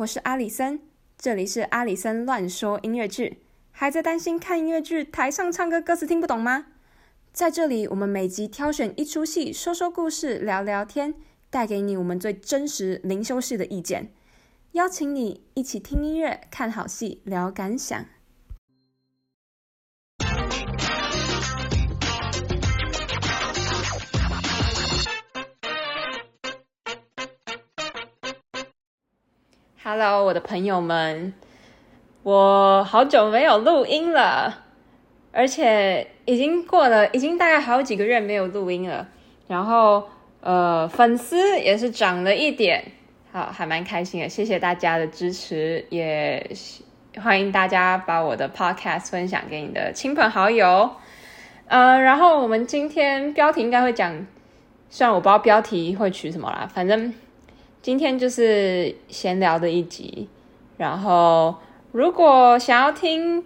我是阿里森，這裡是阿里森亂說音樂劇。還在擔心看音樂劇台上唱歌歌詞聽不懂嗎？在這裡，我們每集挑選一出戲，說說故事，聊聊天，帶給你我們最真實零修飾的意見，邀請你一起聽音樂、看好戲、聊感想。Hello，我的朋友們，我好久沒有錄音了，而且已經過了，已經大概好幾個月沒有錄音了。然後，呃，粉絲也是漲了一點，好，還蠻開心的。謝謝大家的支持，也歡迎大家把我的 podcast 分享給你的親朋好友。嗯、呃，然後我們今天標題應該會講，雖然我不知道標題會取什麼啦，反正。今天就是閒聊的一集。然後，如果想要聽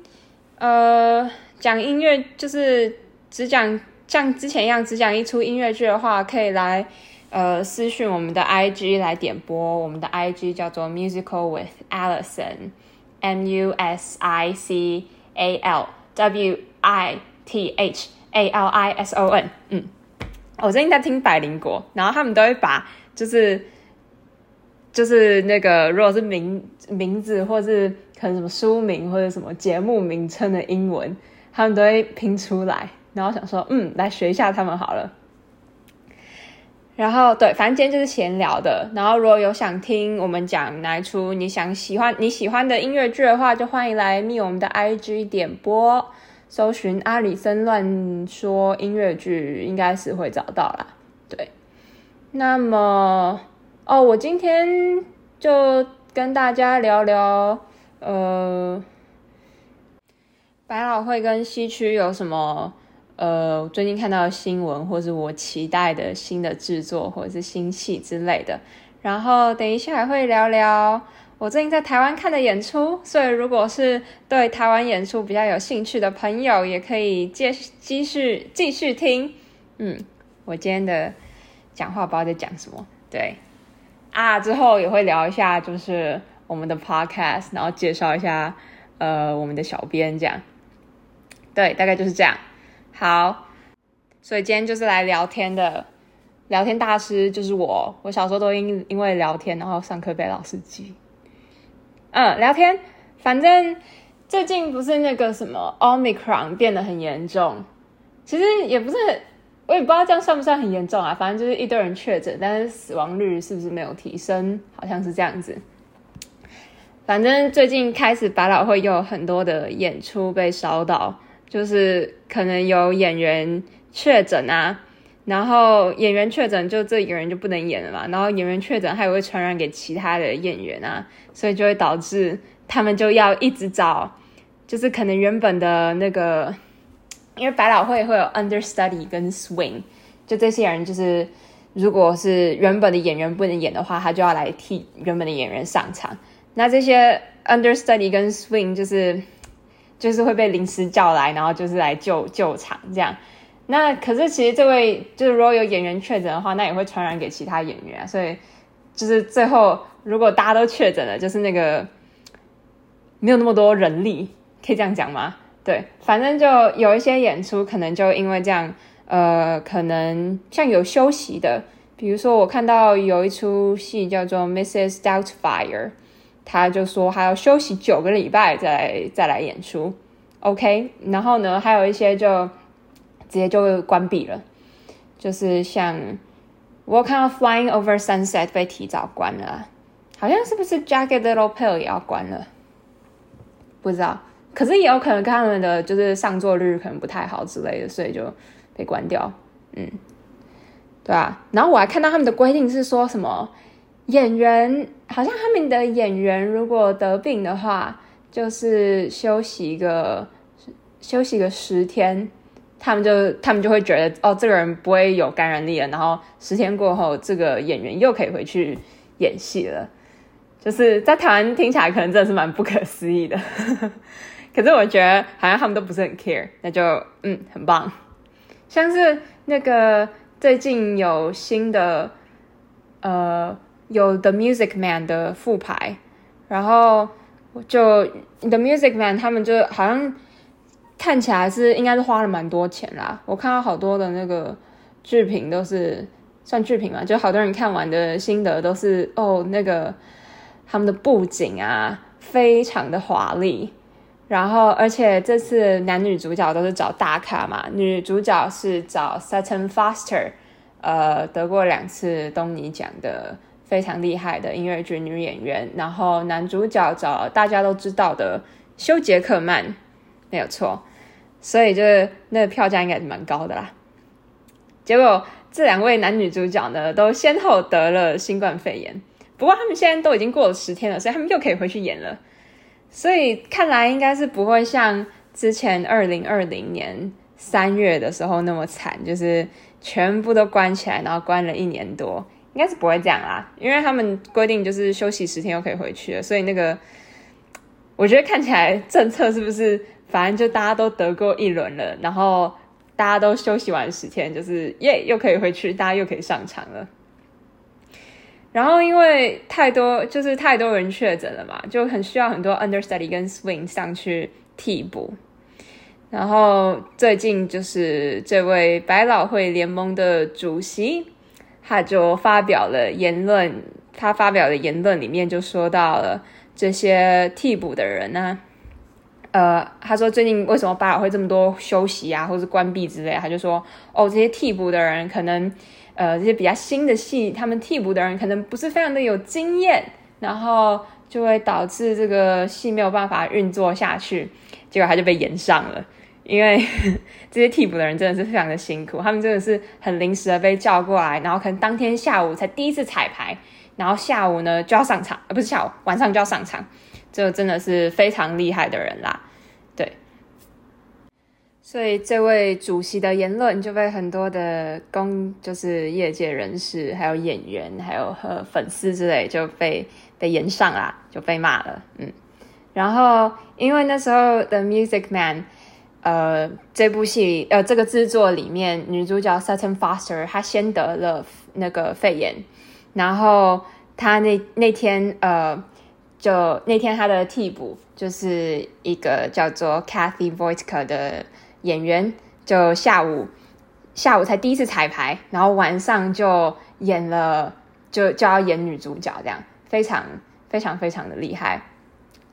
呃講音樂，就是只講像之前一樣只講一出音樂劇的話，可以來呃私訊我們的 I G 來點播，我們的 I G 叫做 Musical with Alison，M U S I C A L W I T H A L I S O N。嗯，哦，我最近在，在聽《百靈果》，然後他們都會把就是。就是那個，如果是名名字，或是可能什麼書名或者什麼節目名稱的英文，他們都會拼出來，然後想說，嗯，來學一下他們好了。然後對，反正今天就是閒聊的。然後如果有想聽我們講哪一出，你想喜歡你喜歡的音樂劇的話，就歡迎來密我們的 I G 點播，搜尋阿里森亂說音樂劇，應該是會找到啦。對，那麼。哦，我今天就跟大家聊聊，呃，百老匯跟西區有什麼？呃，最近看到的新聞，或是我期待的新的制作，或者是新戲之類的。然後等一下還會聊聊我最近在台灣看的演出，所以如果是對台灣演出比較有興趣的朋友，也可以接繼續繼續聽。嗯，我今天的講話不知道在講什麼，對。啊，之後也會聊一下，就是我們的 podcast，然後介紹一下，呃，我們的小編這樣，對，大概就是這樣。好，所以今天就是來聊天的，聊天大師就是我。我小時候都因因為聊天，然後上課被老師記。嗯，聊天，反正最近不是那個什麼 Omicron 變得很嚴重，其實也不是。我也不知道這樣算不算很嚴重啊，反正就是一堆人確診，但是死亡率是不是沒有提升？好像是這樣子。反正最近開始，百老匯又有很多的演出被燒到，就是可能有演員確診啊，然後演員確診就這一個人就不能演了嘛，然後演員確診還會傳染給其他的演員啊，所以就會導致他們就要一直找，就是可能原本的那個。因為百老匯會有 understudy 跟 swing，就這些人就是，如果是原本的演員不能演的話，他就要來替原本的演員上場。那這些 understudy 跟 swing 就是，就是會被臨時叫來，然後就是來救救場這樣。那可是其實這位就是如果有演員確診的話，那也會傳染給其他演員啊，所以就是最後如果大家都確診了，就是那個沒有那麼多人力，可以這樣講嗎？對，反正就有一些演出，可能就因為這樣，呃，可能像有休息的，比如說我看到有一出戲叫做《Mrs. Doubtfire》，他就說還要休息九個禮拜，再來再來演出，OK。然後呢，還有一些就直接就關閉了，就是像我看到《Flying Over Sunset》被提早關了，啊，好像是不是《Jagged Little Pill》也要關了？不知道。可是也有可能，跟他們的就是上座率可能不太好之類的，所以就被關掉，嗯，對啊，然後我還看到他們的規定是說什麼演員，好像他們的演員如果得病的話，就是休息一個休息個十天，他們就他們就會覺得哦，這個人不會有感染力了。然後十天過後，這個演員又可以回去演戲了。就是在台灣聽起來可能真的是蠻不可思議的。 可是我覺得好像他們都不是很 care，那就嗯，很棒。 像是那個最近有新的呃有 The Music Man 的復排，然後就 The Music Man 他們就好像看起來是應該是花了蠻多錢啦。我看到好多的那個劇評都是算劇評嘛，就好多人看完的心得都是哦，那個他們的布景啊非常的華麗。然後，而且這次男女主角都是找大咖嘛。女主角是找 Sutton Foster，呃，得過兩次東尼獎的非常厲害的音樂劇女演員。然後男主角找大家都知道的休傑克曼，沒有錯。所以就是那個票價應該是蠻高的啦。結果這兩位男女主角呢，都先後得了新冠肺炎。不過他們現在都已經過了十天了，所以他們又可以回去演了。所以看來應該是不會像之前二零二零年三月的時候那麼慘，就是全部都關起來，然後關了一年多，應該是不會這樣啦。因為他們規定就是休息十天又可以回去了，所以那個我覺得看起來政策是不是反正就大家都得過一輪了，然後大家都休息完十天，就是耶又可以回去，大家又可以上場了。然後，因為太多就是太多人確診了嘛，就很需要很多 understudy 跟 swing 上去替補。然後最近就是這位百老匯聯盟的主席，他就發表了言論。他發表的言論裡面就說到了這些替補的人呢、啊，呃，他說最近為什麼百老匯這麼多休息啊，或者關閉之類、啊，他就說哦，這些替補的人可能。呃，這些比較新的戲，他們替補的人可能不是非常的有經驗，然後就會導致這個戲沒有辦法運作下去，結果他就被炎上了。因為這些替補的人真的是非常的辛苦，他們真的是很臨時的被叫過來，然後可能當天下午才第一次彩排，然後下午呢就要上場，呃，不是下午，晚上就要上場，就真的是非常厲害的人啦。所以這位主席的言論就被很多的公，就是業界人士、還有演員、還有和粉絲之類，就被被炎上啦，就被罵了。嗯，然後因為那時候的《Music Man》，呃，這部戲，呃，這個制作裡面女主角 Sutton Foster 她，先得了那個肺炎，然後她那那天呃，就那天她的替補就是一個叫做 Kathy Voitka 的。演員就下午，下午才第一次彩排，然後晚上就演了，就就要演女主角，這樣非常非常非常的厲害。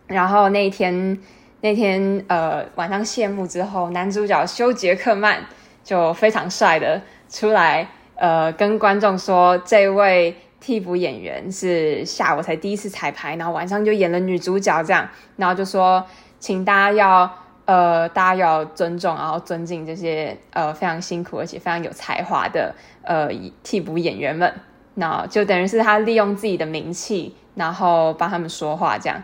然後那一天，那天呃晚上謝幕之後，男主角休傑克曼就非常帥的出來，呃跟觀眾說，這位替補演員是下午才第一次彩排，然後晚上就演了女主角這樣，然後就說請大家要。呃，大家要尊重，然後尊敬這些呃非常辛苦而且非常有才華的呃替補演員們，那就等於是他利用自己的名氣，然後幫他們說話，這樣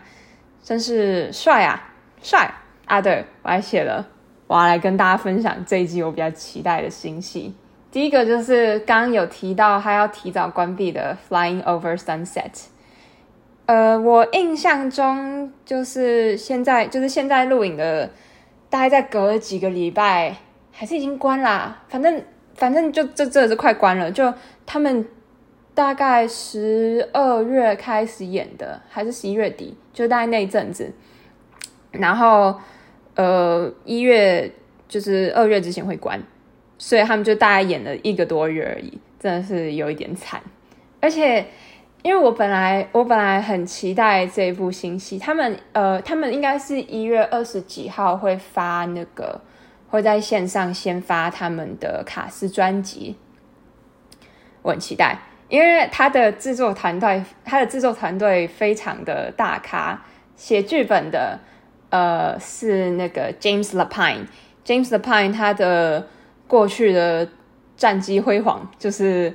真是帥啊，帥。啊，對！對，我還寫了，我要來跟大家分享這一季我比較期待的新戲。第一個就是剛剛有提到他要提早關閉的《Flying Over Sunset》。呃，我印象中就是現在就是現在錄影的。大概再隔了幾個禮拜，還是已經關啦，啊。反正反正就這，就真就快關了。就他們大概十二月開始演的，還是十一月底，就大概那一陣子。然後呃，一月就是二月之前會關，所以他們就大概演了一個多月而已，真的是有一點慘，而且。因為我本來我本來很期待這一部新戲，他們呃，他們應該是一月二十幾號會發那個，會在線上先發他們的卡司專輯。我很期待，因為他的制作團隊，他的制作團隊非常的大咖，寫劇本的呃是那個 James Lapine，James Lapine 他的過去的戰績輝煌就是。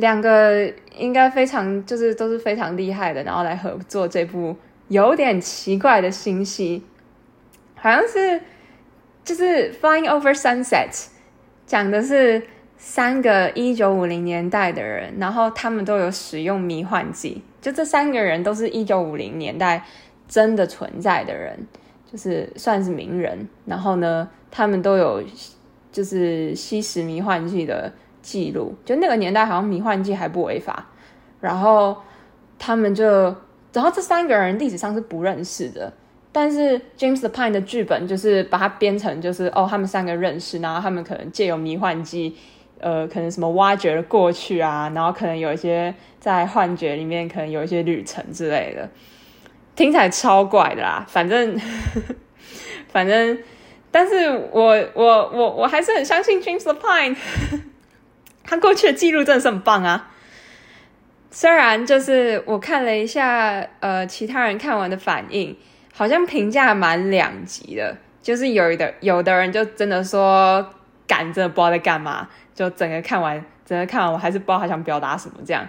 兩個應該非常就是都是非常厲害的，然後來合作這部有點奇怪的新戲，好像是就是《Flying Over Sunset》，講的是三個一九五零年代的人，然後他們都有使用迷幻劑，就這三個人都是一九五零年代真的存在的人，就是算是名人，然後呢，他們都有就是吸食迷幻劑的。記錄就那個年代，好像迷幻劑還不違法。然後他們就，然後這三個人歷史上是不認識的，但是 James Lapine 的劇本就是把它編成就是哦，他們三個認識，然後他們可能借由迷幻劑，呃，可能什麼挖掘了過去啊，然後可能有一些在幻覺裡面可能有一些旅程之類的，聽起來超怪的啦。反正，呵呵反正，但是我我我我還是很相信 James Lapine。他過去的記錄真的是很棒啊！雖然就是我看了一下，呃，其他人看完的反應好像評價蠻兩極的，就是有的有的人就真的說趕着不知道在幹嘛，就整個看完整個看完我還是不知道他想表達什麼這樣。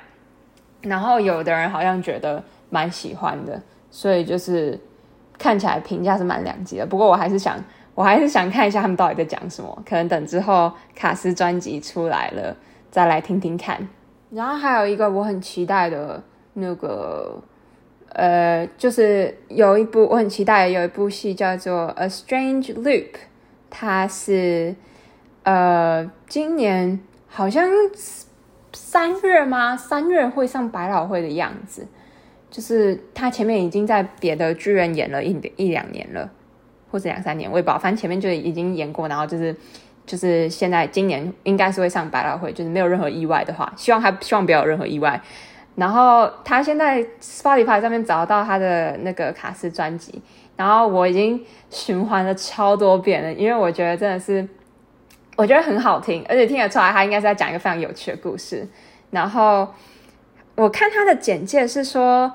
然後有的人好像覺得蠻喜歡的，所以就是看起來評價是蠻兩極的。不過我還是想我還是想看一下他們到底在講什麼，可能等之後卡斯專輯出來了。再來聽聽看，然後還有一個我很期待的那個，呃，就是有一部我很期待的有一部戲叫做《A Strange Loop》，它是，呃，今年好像三月嗎？三月會上百老匯的樣子，就是它前面已經在別的劇院演了一一兩年了，或是兩三年，我也不知道，反正前面就已經演過，然後就是。就是現在，今年應該是會上百老匯。就是沒有任何意外的話，希望他，希望不要有任何意外。然後他現在 Spotify 上面找到他的那個卡斯專輯，然後我已經循環了超多遍了，因為我覺得真的是，我覺得很好聽，而且聽得出來他應該是在講一個非常有趣的故事。然後我看他的簡介是說，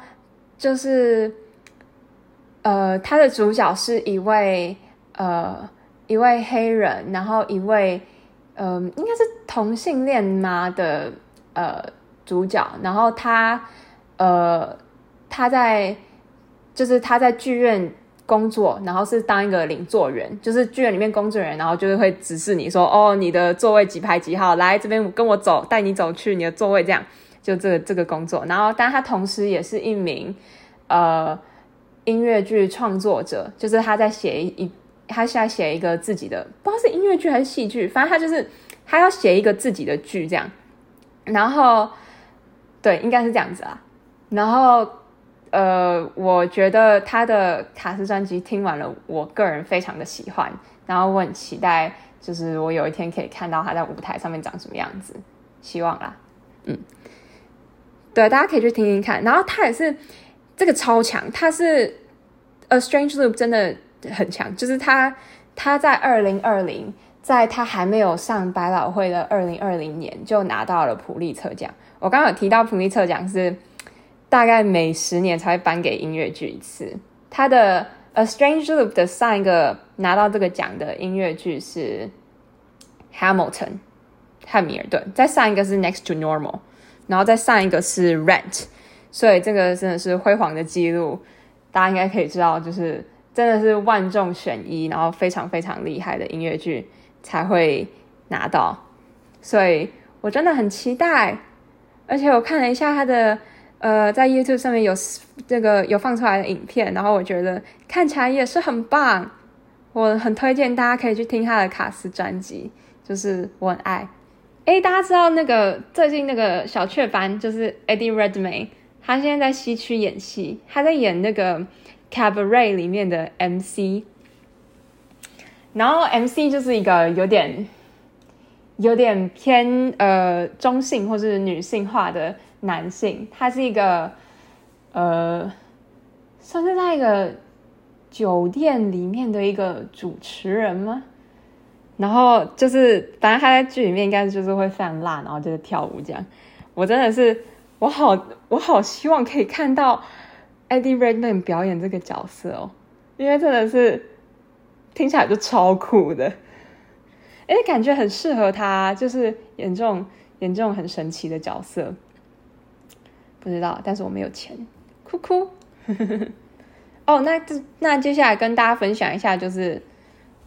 就是呃，他的主角是一位呃。一位黑人，然後一位，嗯、呃，應該是同性戀嘛的呃主角，然後他呃他在就是他在劇院工作，然後是當一個領座員，就是劇院裡面工作人員，然後就是會指示你說，哦你的座位幾排幾號，來這邊跟我走，帶你走去你的座位這樣，就這個，這個工作，然後但他同時也是一名呃音樂劇創作者，就是他在寫一。他現在寫一個自己的，不知道是音樂劇還是戲劇，反正他就是他要寫一個自己的劇這樣。然後，對，應該是這樣子啊。然後，呃，我覺得他的卡斯專輯聽完了，我個人非常的喜歡。然後我很期待，就是我有一天可以看到他在舞台上面長什麼樣子，希望啦，嗯。對，大家可以去聽聽看。然後他也是這個超強，他是呃 A Strange Loop 真的。很強，就是他，他在二零二零，在他還沒有上百老匯的二零二零年就拿到了普利策獎。我剛剛有提到普利策獎是大概每十年才會頒給音樂劇一次。他的《A Strange Loop》的上一個拿到這個獎的音樂劇是《Hamilton》（漢米爾頓），再上一個是《Next to Normal》，然後再上一個是《Rent》。所以這個真的是輝煌的記錄，大家應該可以知道，就是。真的是萬眾選一，然後非常非常厲害的音樂劇才會拿到，所以我真的很期待。而且我看了一下他的，呃，在 YouTube 上面有這個有放出來的影片，然後我覺得看起來也是很棒。我很推薦大家可以去聽他的卡斯專輯，就是我很愛。哎、欸，大家知道那個最近那個小雀斑，就是 Eddie Redmayne，他現在在西區演戲，他在演那個。Cabaret 裡面的 MC，然後 MC 就是一個有點有點偏呃中性或是女性化的男性，他是一個呃算是在一個酒店裡面的一個主持人嗎？然後就是反正他在劇裡面應該就是會放浪，然後就是跳舞這樣。我真的是我好我好希望可以看到。Eddie Redmayne 表演這個角色哦、喔，因為真的是聽起來就超酷的，欸，感覺很適合他，啊，就是演這種演這種很神奇的角色。不知道，但是我沒有錢，哭哭。 哦，那那接下來跟大家分享一下，就是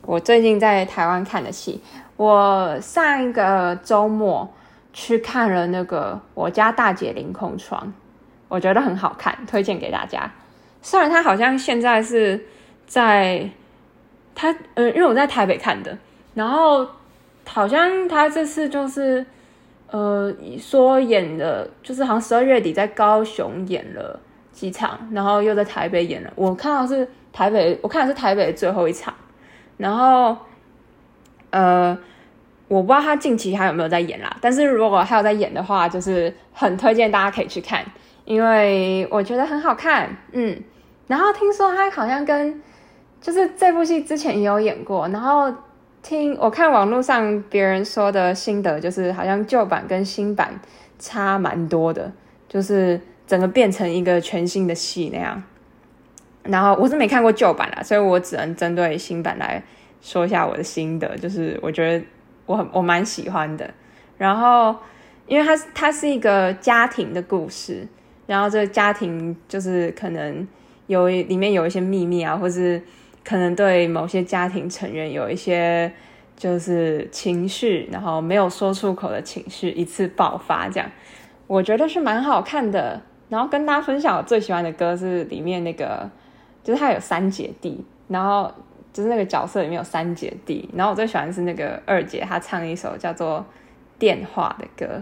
我最近在台灣看的戲。我上一個周末去看了那個《我家大姐凌空窗》。我覺得很好看，推薦給大家。雖然他好像現在是在他，嗯，因為我在台北看的，然後好像他這次就是，呃，說演的，就是好像十二月底在高雄演了幾場，然後又在台北演了。我看到是台北，我看到的是台北的最後一場。然後，呃，我不知道他近期還有沒有在演啦。但是如果還有在演的話，就是很推薦大家可以去看。因為我覺得很好看，嗯，然後聽說他好像跟就是這部戲之前也有演過，然後聽我看網絡上別人說的心得，就是好像舊版跟新版差蠻多的，就是整個變成一個全新的戲那樣。然後我是沒看過舊版啦，所以我只能針對新版來說一下我的心得，就是我覺得我我蠻喜歡的。然後因為它它是一個家庭的故事。然後這個家庭就是可能有裡面有一些秘密啊，或是可能對某些家庭成員有一些就是情緒，然後沒有說出口的情緒一次爆發，這樣我覺得是蠻好看的。然後跟大家分享我最喜歡的歌是裡面那個，就是他有三姐弟，然後就是那個角色裡面有三姐弟，然後我最喜歡的是那個二姐，她唱一首叫做《電話》的歌。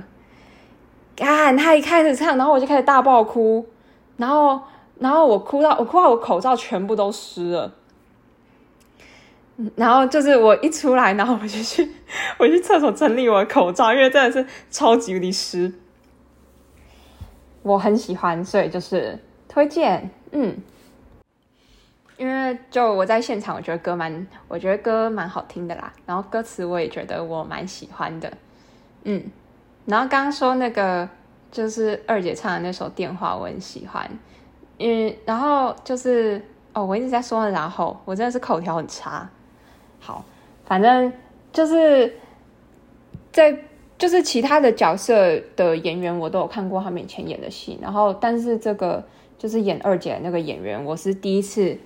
啊！他一開始唱，然後我就開始大爆哭，然後，然後我哭到我哭到我口罩全部都濕了，然後就是我一出來，然後我就去，我去廁所整理我的口罩，因為真的是超級的濕。我很喜歡，所以就是推薦，嗯，因為就我在現場，我覺得歌蠻，我覺得歌蠻好聽的啦，然後歌詞我也覺得我蠻喜歡的，嗯。然後剛剛說那個就是二姐唱的那首電話，我很喜歡。嗯，然後就是哦，我一直在說，然後我真的是口條很差。好，反正就是在就是其他的角色的演員，我都有看過他們以前演的戲。然後，但是這個就是演二姐的那個演員，我是第一次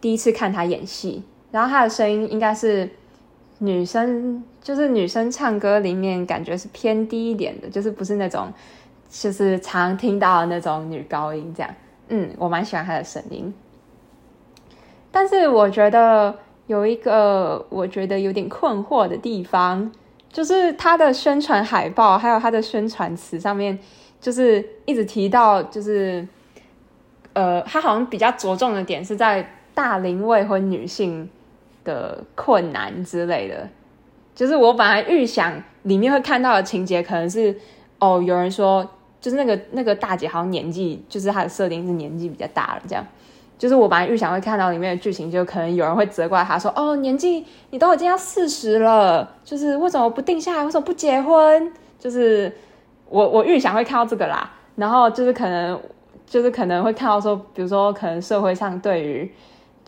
第一次看他演戲。然後他的聲音應該是。女生就是女生，唱歌裡面感覺是偏低一點的，就是不是那種，就是常聽到的那種女高音這樣。嗯，我蠻喜歡她的聲音，但是我覺得有一個我覺得有點困惑的地方，就是她的宣傳海報還有她的宣傳詞上面，就是一直提到，就是，呃，她好像比較着重的點是在大齡未婚女性。的困難之類的，就是我本來預想裡面會看到的情節可能是，哦，有人說就是那個那個大姐好像年紀，就是她的設定是年紀比較大了，這樣，就是我本來預想會看到裡面的劇情，就可能有人會責怪她說，哦，年紀你都已經要四十了，就是為什麼不定下來，為什麼不結婚？就是我我預想會看到這個啦，然後就是可能就是可能會看到說，比如說可能社會上對於。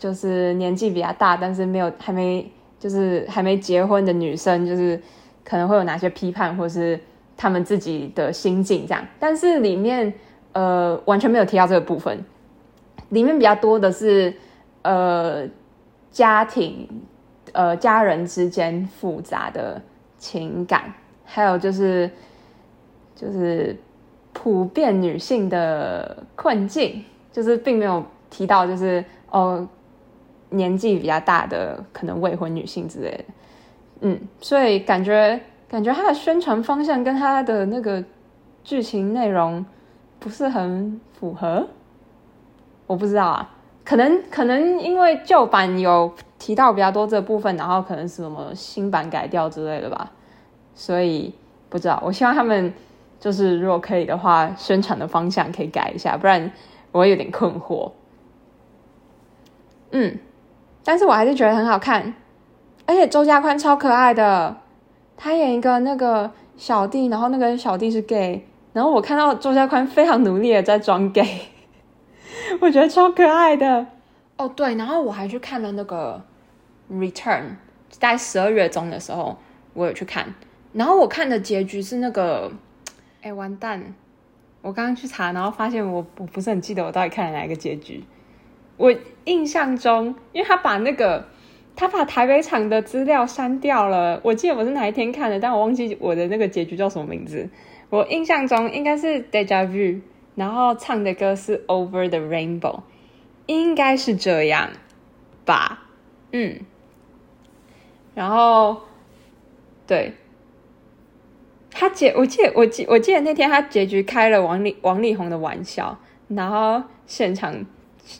就是年紀比較大，但是沒有還沒就是還沒結婚的女生，就是可能會有哪些批判，或是她們自己的心境這樣。但是裡面呃完全沒有提到這個部分，裡面比較多的是呃家庭呃家人之間複雜的情感，還有就是就是普遍女性的困境，就是並沒有提到就是哦。呃年紀比較大的可能未婚女性之類的，嗯，所以感覺感覺它的宣傳方向跟它的那個劇情內容不是很符合，我不知道啊，可能可能因為舊版有提到比較多這部分，然後可能是什麼新版改掉之類的吧，所以不知道。我希望他們就是如果可以的話，宣傳的方向可以改一下，不然我有點困惑。嗯。但是我還是覺得很好看，而且周家寬超可愛的，他演一個那個小弟，然後那個小弟是 gay，然後我看到周家寬非常努力的在裝 gay，我覺得超可愛的。哦對，然後我還去看了那個《Return》，在十二月中的時候我有去看，然後我看的結局是那個，哎，欸，完蛋，我剛剛去查，然後發現我我不是很記得我到底看了哪一個結局。我印象中，因為他把那個他把台北場的資料刪掉了。我記得我是哪一天看的，但我忘記我的那個結局叫什麼名字。我印象中應該是《Deja Vu》，然後唱的歌是《Over the Rainbow》，應該是這樣吧？嗯，然後對，他結，我記得，我記，我記得那天他結局開了王力王力宏的玩笑，然後現場。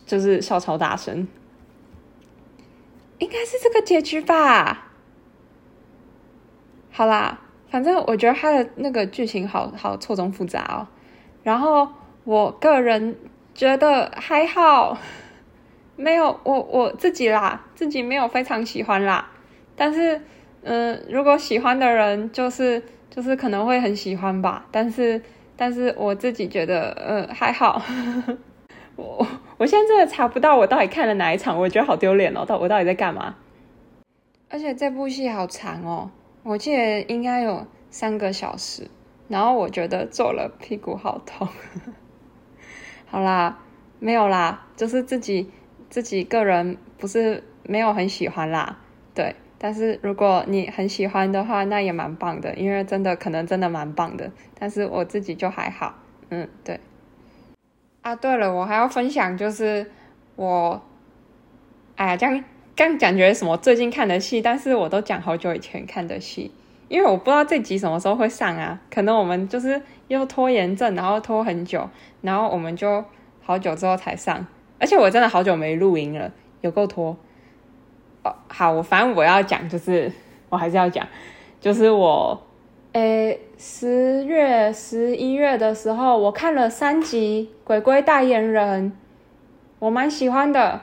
就是笑超大聲，應該是這個結局吧。好啦，反正我覺得他的那個劇情好好錯綜複雜哦、喔。然後我個人覺得還好，沒有我我自己啦，自己沒有非常喜歡啦。但是，嗯，如果喜歡的人就是就是可能會很喜歡吧。但是，但是我自己覺得，嗯，還好，我。我現在真的查不到我到底看了哪一場，我覺得好丟臉哦！但我到底在幹嘛？而且這部戲好長哦，我記得應該有三個小時。然後我覺得坐了屁股好痛。 好啦，沒有啦，就是自己自己個人不是沒有很喜歡啦。對，但是如果你很喜歡的話，那也蠻棒的，因為真的可能真的蠻棒的。但是我自己就還好，嗯，對。啊，對了，我還要分享，就是我，哎呀，剛剛講覺什麼最近看的戲，但是我都講好久以前看的戲，因為我不知道這集什麼時候會上啊，可能我們就是又拖延症，然後拖很久，然後我們就好久之後才上，而且我真的好久沒錄音了，有夠拖。哦，好，我反正我要講，就是我還是要講，就是我。誒、欸，十月十一月的時候，我看了三集《鬼鬼代言人》，我蠻喜歡的，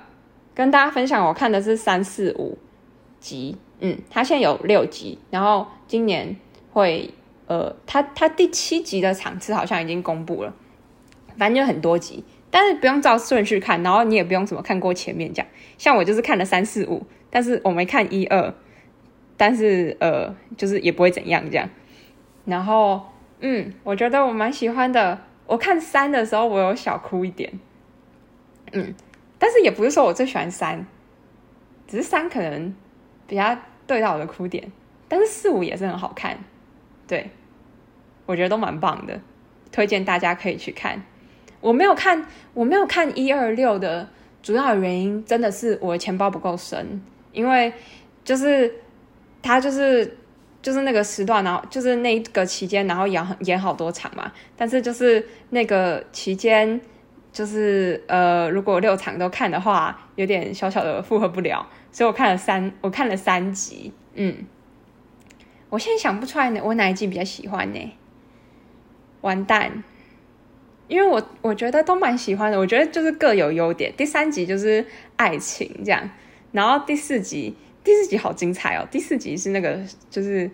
跟大家分享。我看的是三四五集，嗯，他現在有六集，然後今年會，呃，他他第七集的場次好像已經公布了，反正就很多集，但是不用照順序看，然後你也不用怎麼看過前面講，像我就是看了三四五，但是我沒看一二，但是呃，就是也不會怎樣這樣。這樣。然後，嗯，我覺得我蠻喜歡的。我看三的時候，我有小哭一點，嗯，但是也不是說我最喜歡三，只是三可能比較對到我的哭點。但是四五也是很好看，對，我覺得都蠻棒的，推薦大家可以去看。我沒有看，我沒有看一二六的主要的原因，真的是我的錢包不夠深，因為就是它就是。就是那個時段，然後就是那個期間，然後演演好多場嘛。但是就是那個期間，就是呃，如果六場都看的話，有點小小的負荷不了。所以我看了三，我看了三集。嗯，我現在想不出來呢，我哪一集比較喜歡呢？完蛋，因為我我覺得都蠻喜歡的，我覺得就是各有優點。第三集就是愛情這樣，然後第四集。第四集好精彩哦！第四集是那個，就是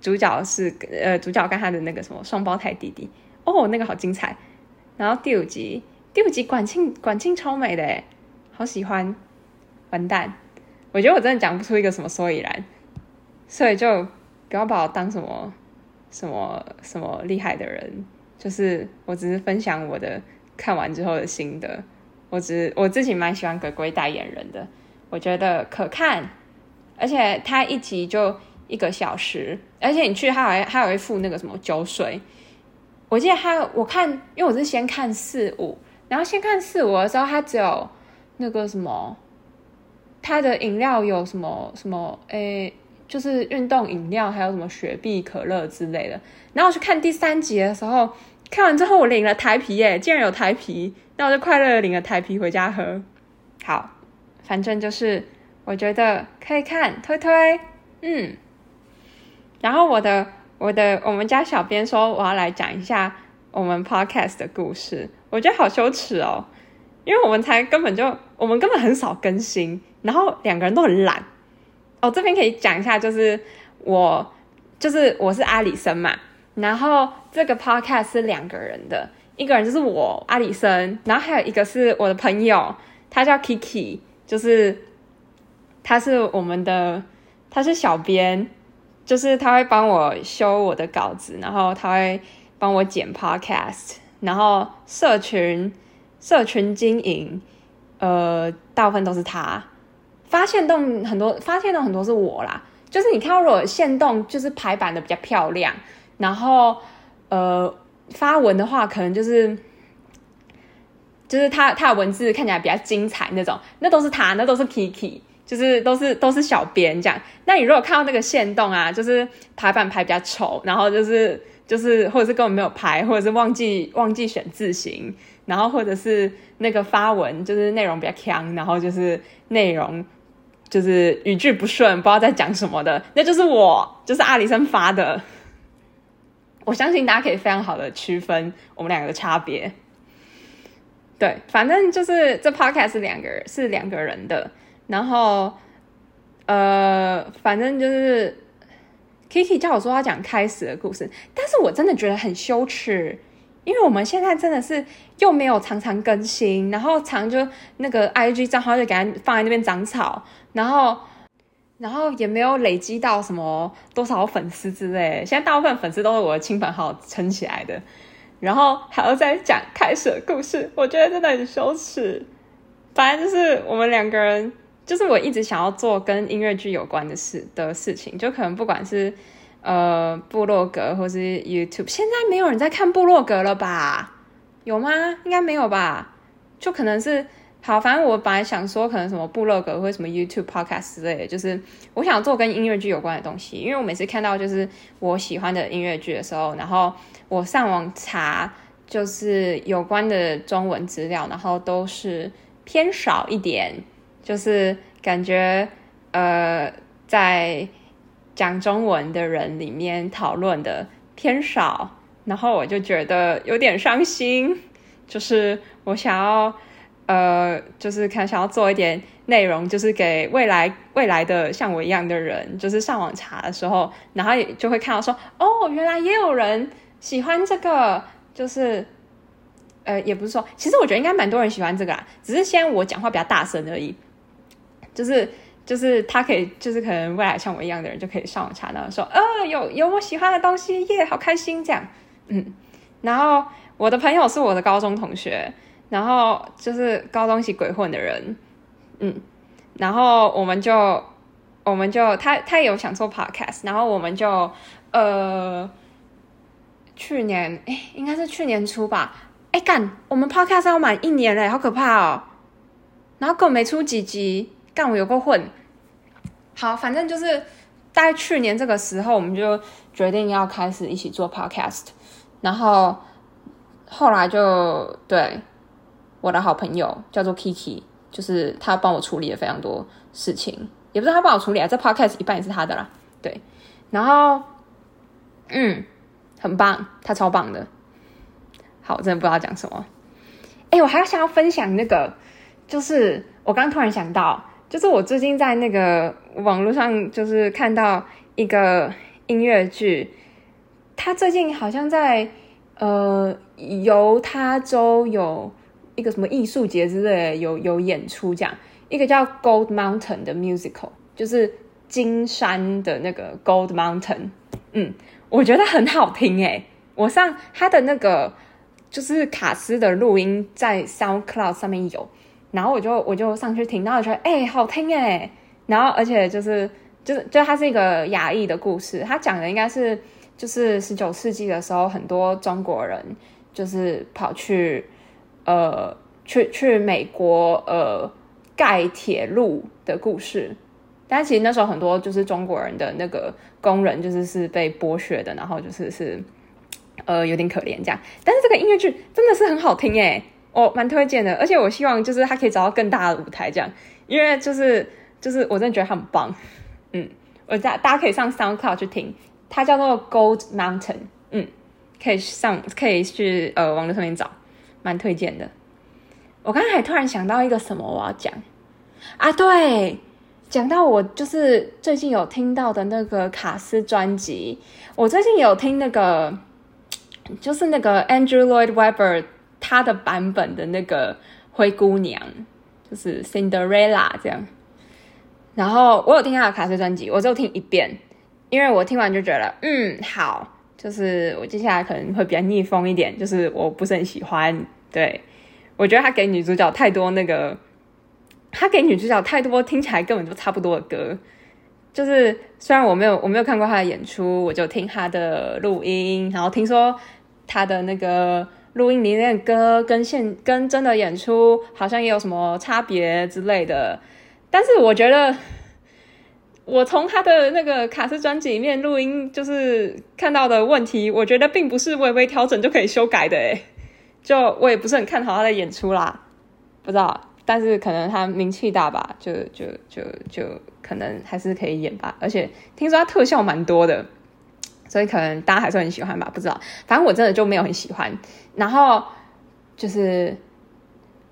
主角是呃，主角跟他的那個什麼雙胞胎弟弟哦，oh, 那個好精彩。然後第五集，第五集管慶管慶超美的耶，好喜歡。完蛋，我覺得我真的講不出一個什麼所以然，所以就不要把我當什麼什麼什麼厲害的人，就是我只是分享我的看完之後的心得。我只我自己蠻喜歡格規代言人的。我覺得可看，而且它一集就一個小時，而且你去他還他還有一副那個什麼酒水。我記得他，我看，因為我是先看四五，5, 然後先看四五的時候，他只有那個什麼，他的飲料有什麼什麼，誒、欸，就是運動飲料，還有什麼雪碧、可樂之類的。然後我去看第三集的時候，看完之後我領了台皮、欸，誒，竟然有台皮，那我就快樂的領了台皮回家喝，好。反正就是，我覺得可以看推推，嗯。然後我的我的我們家小編說，我要來講一下我們 podcast 的故事，我覺得好羞恥哦，因為我們才根本就我們根本很少更新，然後兩個人都很懶。哦，這邊可以講一下，就是我就是我是阿里森嘛，然後這個 podcast 是兩個人的，一個人就是我阿里森，然後還有一個是我的朋友，他叫 Kiki。就是，他是我們的，他是小編，就是他會幫我修我的稿子，然後他會幫我剪 podcast，然後社群社群經營，呃，大部分都是他。發限動很多，發限動很多是我啦，就是你看到我限動就是排版的比較漂亮，然後呃，發文的話可能就是。就是他，他的文字看起來比較精彩那種，那都是他，那都是 Kiki，就是都是都是小編這樣。那你如果看到那個限動啊，就是排版排比較醜，然後就是就是或者是根本沒有排，或者是忘記忘記選字型，然後或者是那個發文就是內容比較嗆，然後就是內容就是語句不順，不知道在講什麼的，那就是我，就是阿里森發的。我相信大家可以非常好的區分我們兩個的差別。對，反正就是這 podcast 是兩個人，是兩個人的。然後，呃，反正就是 Kiki 叫我說要講開始的故事，但是我真的覺得很羞恥，因為我們現在真的是又沒有常常更新，然後常就那個 IG 賬號就給他放在那邊長草，然後，然後也沒有累積到什麼多少粉絲之類。現在大部分粉絲都是我的親朋好友撐起來的。然後還要再講開始的故事，我覺得真的很羞恥。反正就是我們兩個人，就是我一直想要做跟音樂劇有關的事的事情，就可能不管是，呃，部落格或是 YouTube，現在沒有人在看部落格了吧？有嗎？應該沒有吧？就可能是。好，反正我本來想說，可能什麼部落格或什麼 YouTube podcast 之類的，的就是我想做跟音樂劇有關的東西，因為我每次看到就是我喜歡的音樂劇的時候，然後我上網查就是有關的中文資料，然後都是偏少一點，就是感覺呃在講中文的人裡面討論的偏少，然後我就覺得有點傷心，就是我想要。呃，就是看想要做一點內容，就是給未來未來的像我一樣的人，就是上網查的時候，然後也就會看到說，哦，原來也有人喜歡這個，就是，呃，也不是說，其實我覺得應該蠻多人喜歡這個啦，只是現在我講話比較大聲而已，就是就是他可以，就是可能未來像我一樣的人就可以上網查，然後說，哦，有有我喜歡的東西，耶，好開心這樣，嗯，然後我的朋友是我的高中同學。然後就是高中時鬼混的人，嗯，然後我們就我們就他他也有想做 podcast，然後我們就呃去年哎應該是去年初吧，哎幹我們 podcast 要滿一年嘞，好可怕哦！然後更沒出幾集，幹我有夠混，好反正就是大概去年這個時候，我們就決定要開始一起做 podcast，然後後來就對。我的好朋友叫做 Kiki，就是他幫我處理了非常多事情，也不是他幫我處理啊，這 podcast 一半也是他的啦。對，然後，嗯，很棒，他超棒的。好，我真的不知道講什麼。誒、欸，我還要想要分享那個，就是我剛剛突然想到，就是我最近在那個網絡上，就是看到一個音樂劇，他最近好像在呃猶他州有。一個什麼藝術節之類有有演出這樣，一個叫《Gold Mountain》的 musical，就是金山的那個《Gold Mountain》。嗯，我覺得很好聽哎！我上它的那個就是卡斯的錄音，在 SoundCloud 上面有，然後我就我就上去聽，到的時候哎，好聽哎！然後而且就是就是就它是一個亞裔的故事，它講的應該是就是十九世紀的時候，很多中國人就是跑去。呃，去去美國，呃，蓋鐵路的故事。但其實那時候很多就是中國人的那個工人，就是是被剝削的，然後就是是呃有點可憐這樣。但是這個音樂劇真的是很好聽欸，我蠻推薦的。而且我希望就是他可以找到更大的舞台這樣，因為就是就是我真的覺得他很棒。嗯，我大大家可以上 SoundCloud 去聽，它叫做 Gold Mountain。嗯，可以上可以去呃網絡上面找。蠻推薦的，我剛還突然想到一個什麼我要講啊，對，講到我就是最近有聽到的那個卡斯專輯，我最近有聽那個就是那個 Andrew Lloyd Webber 他的版本的那個灰姑娘，就是 Cinderella 這樣，然後我有聽他的卡斯專輯，我就聽一遍，因為我聽完就覺得嗯好。就是我接下來可能會比較逆風一點，就是我不是很喜歡。對，我覺得他給女主角太多那個，他給女主角太多聽起來根本就差不多的歌。就是雖然我沒有我沒有看過他的演出，我就聽他的錄音，然後聽說他的那個錄音裡面的歌跟現跟真的演出好像也有什麼差別之類的，但是我覺得。我從他的那個卡司專輯裡面錄音，就是看到的問題，我覺得並不是微微調整就可以修改的哎，就我也不是很看好他的演出啦，不知道，但是可能他名氣大吧，就就就就可能還是可以演吧，而且聽說他特效蠻多的，所以可能大家還是很喜歡吧，不知道，反正我真的就沒有很喜歡，然後就是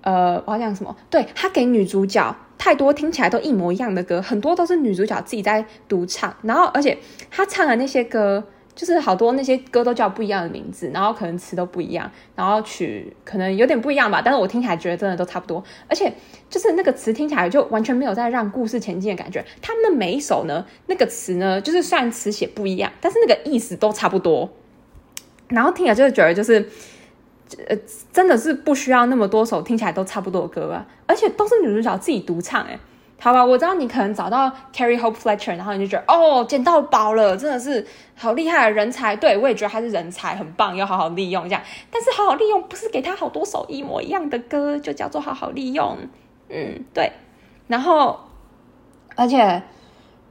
呃，我要講什麼？對，他給女主角。太多聽起來都一模一樣的歌，很多都是女主角自己在獨唱，然後而且她唱的那些歌，就是好多那些歌都叫不一樣的名字，然後可能詞都不一樣，然後曲可能有點不一樣吧，但是我聽起來覺得真的都差不多，而且就是那個詞聽起來就完全沒有在讓故事前進的感覺，他們每一首呢，那個詞呢，就是雖然詞寫不一樣，但是那個意思都差不多，然後聽起來就是覺得就是。呃，真的是不需要那麼多首聽起來都差不多的歌吧？而且都是女主角自己獨唱。欸，哎，好吧，我知道你可能找到 Carrie Hope Fletcher，然後你就覺得哦，撿到寶了，真的是好厲害人才。對，我也覺得他是人才，很棒，要好好利用一下。但是好好利用不是給他好多首一模一樣的歌，就叫做好好利用。嗯，對。然後，而且，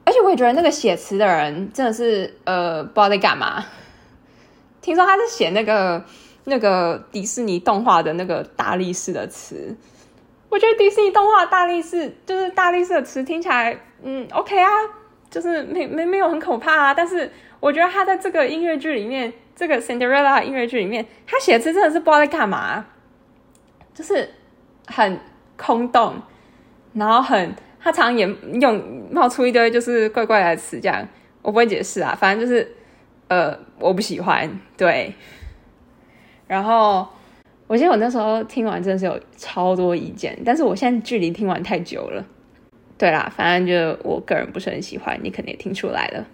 而且我也覺得那個寫詞的人真的是呃，不知道在幹嘛。聽說他是寫那個。那個迪士尼動畫的那個大力士的詞，我覺得迪士尼動畫大力士就是大力士的詞聽起來，嗯，OK 啊，就是沒沒沒有很可怕啊。但是我覺得他在這個音樂劇裡面，這個《Cinderella》音樂劇裡面，他寫的詞真的是不知道在幹嘛，就是很空洞，然後很他常也用冒出一堆就是怪怪的詞，這樣我不會解釋啊，反正就是呃，我不喜歡，對。然後，我記得我那時候聽完真的是有超多意見，但是我現在距離聽完太久了。對啦，反正就我個人不是很喜歡，你肯定也聽出來了。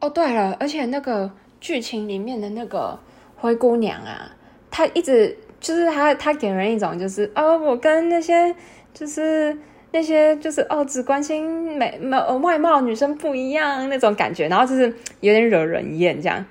哦，對了，而且那個劇情裡面的那個灰姑娘啊，她一直就是她，她給人一種就是哦，我跟那些就是那些就是哦，只關心美外貌女生不一樣那種感覺，然後就是有點惹人厭這樣。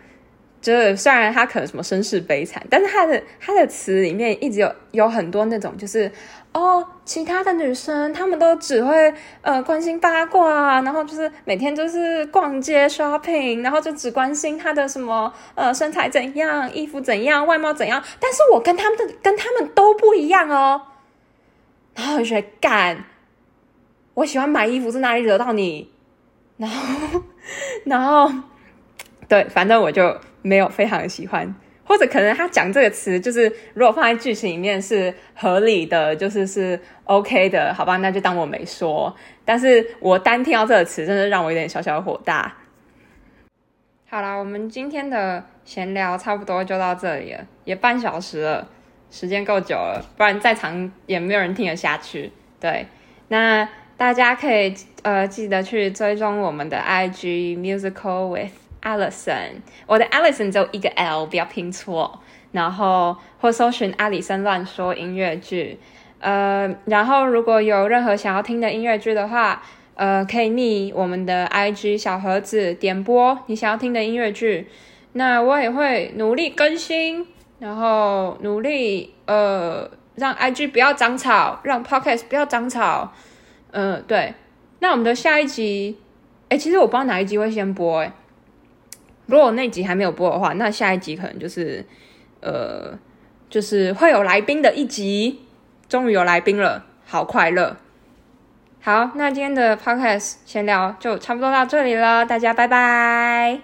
就是雖然他可能什麼身世悲慘，但是他的他的詞裡面一直有有很多那種，就是哦，其他的女生他們都只會呃關心八卦，然後就是每天就是逛街 shopping，然後就只關心他的什麼呃身材怎樣、衣服怎樣、外貌怎樣，但是我跟他們的跟他們都不一樣哦。然後我就覺得幹我喜歡買衣服是哪裡惹到你？然後然後對，反正我就。沒有非常的喜歡，或者可能他講這個詞就是，如果放在劇情裡面是合理的，就是是 OK 的，好吧，那就當我沒說。但是我單聽到這個詞，真的讓我有點小小的火大。好啦，我們今天的閒聊差不多就到這裡了，也半小時了，時間夠久了，不然再長也沒有人聽得下去。對，那大家可以呃記得去追蹤我們的 I G Musical With。Alison，我的 Alison 只有一個 L，不要拼錯。然後或搜尋阿里森亂說音樂劇。呃，然後如果有任何想要聽的音樂劇的話，呃，可以逆我們的 IG 小盒子點播你想要聽的音樂劇。那我也會努力更新，然後努力呃讓 IG 不要長草，讓 Podcast 不要長草。嗯、呃，對。那我們的下一集，哎、欸，其實我不知道哪一集會先播、欸，如果那集還沒有播的話，那下一集可能就是，呃，就是會有來賓的一集。終於有來賓了，好快樂！好，那今天的 podcast 閒聊就差不多到這裡了，大家拜拜。